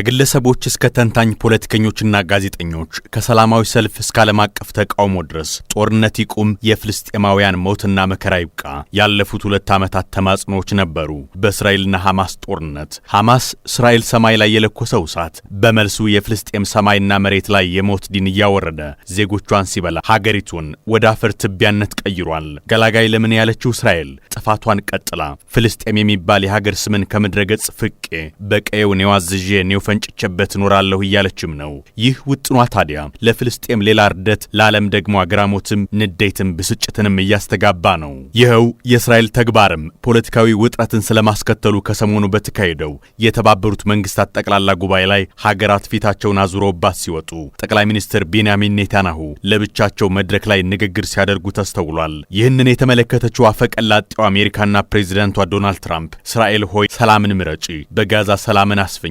ከግለሰቦች እስከ ተንታኝ ፖለቲከኞችና ጋዜጠኞች ከሰላማዊ ሰልፍ እስከ ዓለም አቀፍ ተቃውሞ ድረስ ጦርነት ይቁም፣ የፍልስጤማውያን ሞትና መከራ ይብቃ ያለፉት ሁለት ዓመታት ተማጽኖዎች ነበሩ። በእስራኤልና ሐማስ ጦርነት ሐማስ እስራኤል ሰማይ ላይ የለኮሰው እሳት በመልሱ የፍልስጤም ሰማይና መሬት ላይ የሞት ዲን እያወረደ ዜጎቿን ሲበላ ሀገሪቱን ወደ አፈር ትቢያነት ቀይሯል። ገላጋይ ለምን ያለችው እስራኤል ጥፋቷን ቀጥላ ፍልስጤም የሚባል የሀገር ስምን ከምድረ ገጽ ፍቄ በቀየው ኔዋዝዤ ኔው ፈንጭቼበት እኖራለሁ እያለችም ነው። ይህ ውጥኗ ታዲያ ለፍልስጤም ሌላ እርደት፣ ለዓለም ደግሞ አግራሞትም፣ ንዴትም ብስጭትንም እያስተጋባ ነው። ይኸው የእስራኤል ተግባርም ፖለቲካዊ ውጥረትን ስለማስከተሉ ከሰሞኑ በተካሄደው የተባበሩት መንግስታት ጠቅላላ ጉባኤ ላይ ሀገራት ፊታቸውን አዙረውባት ሲወጡ ጠቅላይ ሚኒስትር ቤንያሚን ኔታናሁ ለብቻቸው መድረክ ላይ ንግግር ሲያደርጉ ተስተውሏል። ይህንን የተመለከተችው አፈቀላጤው አሜሪካና ፕሬዚዳንቷ ዶናልድ ትራምፕ እስራኤል ሆይ ሰላምን ምረጪ፣ በጋዛ ሰላምን አስፈኝ፣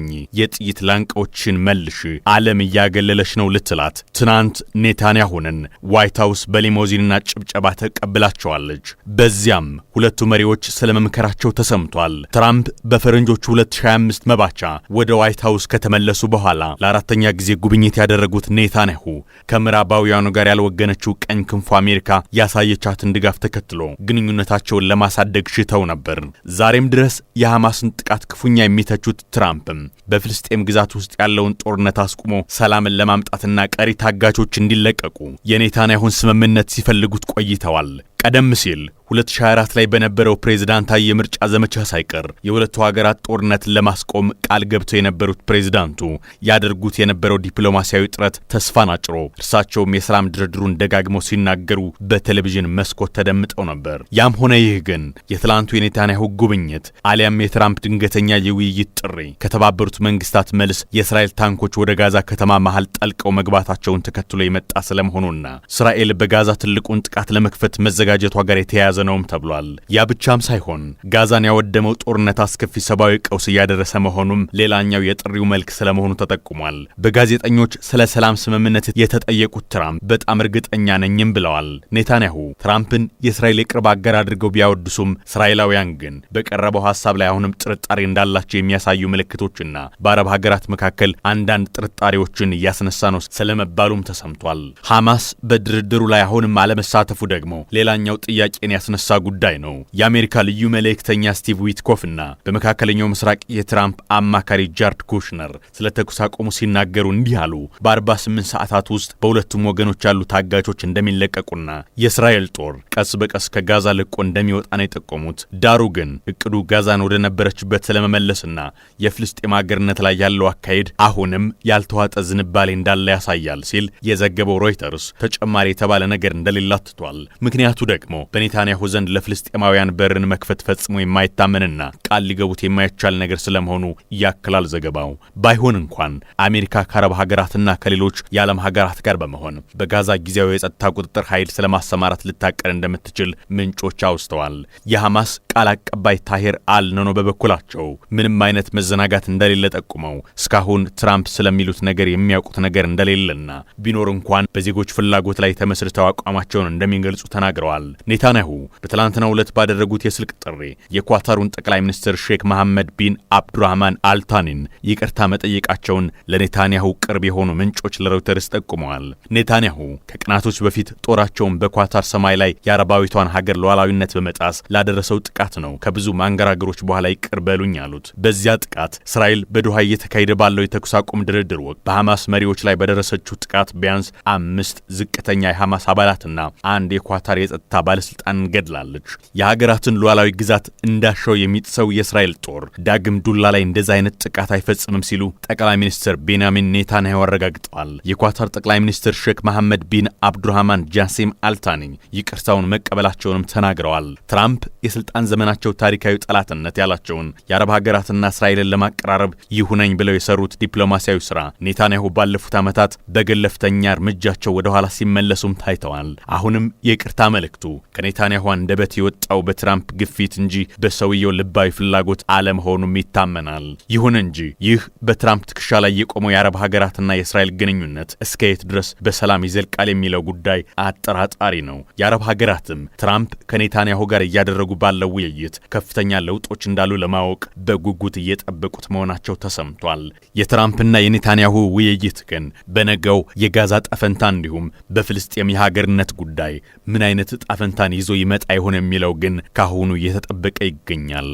የጥይት ላንቃዎችን መልሽ፣ ዓለም እያገለለች ነው ልትላት ትናንት ኔታንያሁንን ዋይት ሀውስ በሊሞዚንና ጭብጨባ ተቀብላቸዋለች። በዚያም ሁለቱ መሪዎች ስለ መምከራቸው ተሰምቷል። ትራምፕ በፈረንጆቹ 2025 መባቻ ወደ ዋይት ሀውስ ከተመለሱ በኋላ ለአራተኛ ጊዜ ጉብኝት ያደረጉት ኔታንያሁ ከምዕራባውያኑ ጋር ያልወገነችው ቀኝ ክንፉ አሜሪካ ያሳየቻትን ድጋፍ ተከትሎ ግንኙነታቸውን ለማሳደግ ሽተው ነበር። ዛሬም ድረስ የሐማስን ጥቃት ክፉኛ የሚተቹት ትራምፕም በፍልስጤ በፍልስጤም ግዛት ውስጥ ያለውን ጦርነት አስቁሞ ሰላምን ለማምጣትና ቀሪ ታጋቾች እንዲለቀቁ የኔታንያሁን ስምምነት ሲፈልጉት ቆይተዋል። ቀደም ሲል 2024 ላይ በነበረው ፕሬዝዳንታዊ የምርጫ ዘመቻ ሳይቀር የሁለቱ ሀገራት ጦርነትን ለማስቆም ቃል ገብተው የነበሩት ፕሬዝዳንቱ ያደርጉት የነበረው ዲፕሎማሲያዊ ጥረት ተስፋን አጭሮ እርሳቸውም የሰላም ድርድሩን ደጋግመው ሲናገሩ በቴሌቪዥን መስኮት ተደምጠው ነበር። ያም ሆነ ይህ ግን የትላንቱ የኔታንያሁ ጉብኝት አሊያም የትራምፕ ድንገተኛ የውይይት ጥሪ ከተባበሩት መንግስታት መልስ የእስራኤል ታንኮች ወደ ጋዛ ከተማ መሃል ጠልቀው መግባታቸውን ተከትሎ የመጣ ስለመሆኑና እስራኤል በጋዛ ትልቁን ጥቃት ለመክፈት መዘጋ ከመዘጋጀቷ ጋር የተያያዘ ነውም ተብሏል። ያ ብቻም ሳይሆን ጋዛን ያወደመው ጦርነት አስከፊ ሰብአዊ ቀውስ እያደረሰ መሆኑም ሌላኛው የጥሪው መልክ ስለመሆኑ ተጠቁሟል። በጋዜጠኞች ስለ ሰላም ስምምነት የተጠየቁት ትራምፕ በጣም እርግጠኛ ነኝም ብለዋል። ኔታንያሁ ትራምፕን የእስራኤል የቅርብ አገር አድርገው ቢያወድሱም እስራኤላውያን ግን በቀረበው ሀሳብ ላይ አሁንም ጥርጣሬ እንዳላቸው የሚያሳዩ ምልክቶችና በአረብ ሀገራት መካከል አንዳንድ ጥርጣሬዎችን እያስነሳ ነው ስለመባሉም ተሰምቷል። ሐማስ በድርድሩ ላይ አሁንም አለመሳተፉ ደግሞ ሌላ ሌላኛው ጥያቄን ያስነሳ ጉዳይ ነው። የአሜሪካ ልዩ መልእክተኛ ስቲቭ ዊትኮፍና በመካከለኛው ምስራቅ የትራምፕ አማካሪ ጃርድ ኩሽነር ስለ ተኩስ አቁሙ ሲናገሩ እንዲህ አሉ። በ48 ሰዓታት ውስጥ በሁለቱም ወገኖች ያሉ ታጋቾች እንደሚለቀቁና የእስራኤል ጦር ቀስ በቀስ ከጋዛ ልቆ እንደሚወጣ ነው የጠቆሙት። ዳሩ ግን እቅዱ ጋዛን ወደ ነበረችበት ስለመመለስና የፍልስጤም አገርነት ላይ ያለው አካሄድ አሁንም ያልተዋጠ ዝንባሌ እንዳለ ያሳያል ሲል የዘገበው ሮይተርስ ተጨማሪ የተባለ ነገር እንደሌላ ትቷል። ምክንያቱ ደግሞ በኔታንያሁ ዘንድ ለፍልስጤማውያን በርን መክፈት ፈጽሞ የማይታመንና ቃል ሊገቡት የማይቻል ነገር ስለመሆኑ ያክላል ዘገባው። ባይሆን እንኳን አሜሪካ ከአረብ ሀገራትና ከሌሎች የዓለም ሀገራት ጋር በመሆን በጋዛ ጊዜያዊ የጸጥታ ቁጥጥር ኃይል ስለማሰማራት ልታቀድ እንደምትችል ምንጮች አውስተዋል። የሐማስ ቃል አቀባይ ታሄር አል ነኖ በበኩላቸው ምንም አይነት መዘናጋት እንደሌለ ጠቁመው እስካሁን ትራምፕ ስለሚሉት ነገር የሚያውቁት ነገር እንደሌለና ቢኖር እንኳን በዜጎች ፍላጎት ላይ ተመስርተው አቋማቸውን እንደሚገልጹ ተናግረዋል። ተናግረዋል። ኔታንያሁ በትላንትናው ዕለት ባደረጉት የስልክ ጥሪ የኳታሩን ጠቅላይ ሚኒስትር ሼክ መሐመድ ቢን አብዱራህማን አልታኒን ይቅርታ መጠየቃቸውን ለኔታንያሁ ቅርብ የሆኑ ምንጮች ለሮይተርስ ጠቁመዋል። ኔታንያሁ ከቀናቶች በፊት ጦራቸውን በኳታር ሰማይ ላይ የአረባዊቷን ሀገር ሉዓላዊነት በመጣስ ላደረሰው ጥቃት ነው ከብዙ ማንገራገሮች በኋላ ይቅር በሉኝ አሉት። በዚያ ጥቃት እስራኤል በዱሃ እየተካሄደ ባለው የተኩስ አቁም ድርድር ወቅት በሐማስ መሪዎች ላይ በደረሰችው ጥቃት ቢያንስ አምስት ዝቅተኛ የሐማስ አባላትና አንድ የኳታር የጸጥታ በርካታ ባለሥልጣን ገድላለች። የሀገራትን ሉዓላዊ ግዛት እንዳሻው የሚጥሰው የእስራኤል ጦር ዳግም ዱላ ላይ እንደዚ አይነት ጥቃት አይፈጽምም ሲሉ ጠቅላይ ሚኒስትር ቤንያሚን ኔታንያሁ አረጋግጠዋል። የኳታር ጠቅላይ ሚኒስትር ሼክ መሐመድ ቢን አብዱራህማን ጃሴም አልታኒ ይቅርታውን መቀበላቸውንም ተናግረዋል። ትራምፕ የሥልጣን ዘመናቸው ታሪካዊ ጠላትነት ያላቸውን የአረብ ሀገራትና እስራኤልን ለማቀራረብ ይሁነኝ ብለው የሰሩት ዲፕሎማሲያዊ ሥራ ኔታንያሁ ባለፉት ዓመታት በገለፍተኛ እርምጃቸው ወደ ኋላ ሲመለሱም ታይተዋል። አሁንም የቅርታ መልእክት በወቅቱ ከኔታንያሁ አንደበት የወጣው በትራምፕ ግፊት እንጂ በሰውየው ልባዊ ፍላጎት አለመሆኑም ይታመናል። ይሁን እንጂ ይህ በትራምፕ ትከሻ ላይ የቆመው የአረብ ሀገራትና የእስራኤል ግንኙነት እስከየት ድረስ በሰላም ይዘልቃል የሚለው ጉዳይ አጠራጣሪ ነው። የአረብ ሀገራትም ትራምፕ ከኔታንያሁ ጋር እያደረጉ ባለው ውይይት ከፍተኛ ለውጦች እንዳሉ ለማወቅ በጉጉት እየጠበቁት መሆናቸው ተሰምቷል። የትራምፕና የኔታንያሁ ውይይት ግን በነገው የጋዛ ጠፈንታ እንዲሁም በፍልስጤም የሀገርነት ጉዳይ ምን አይነት አፈንታን ፈንታን ይዞ ይመጣ ይሆን የሚለው ግን ካሁኑ እየተጠበቀ ይገኛል።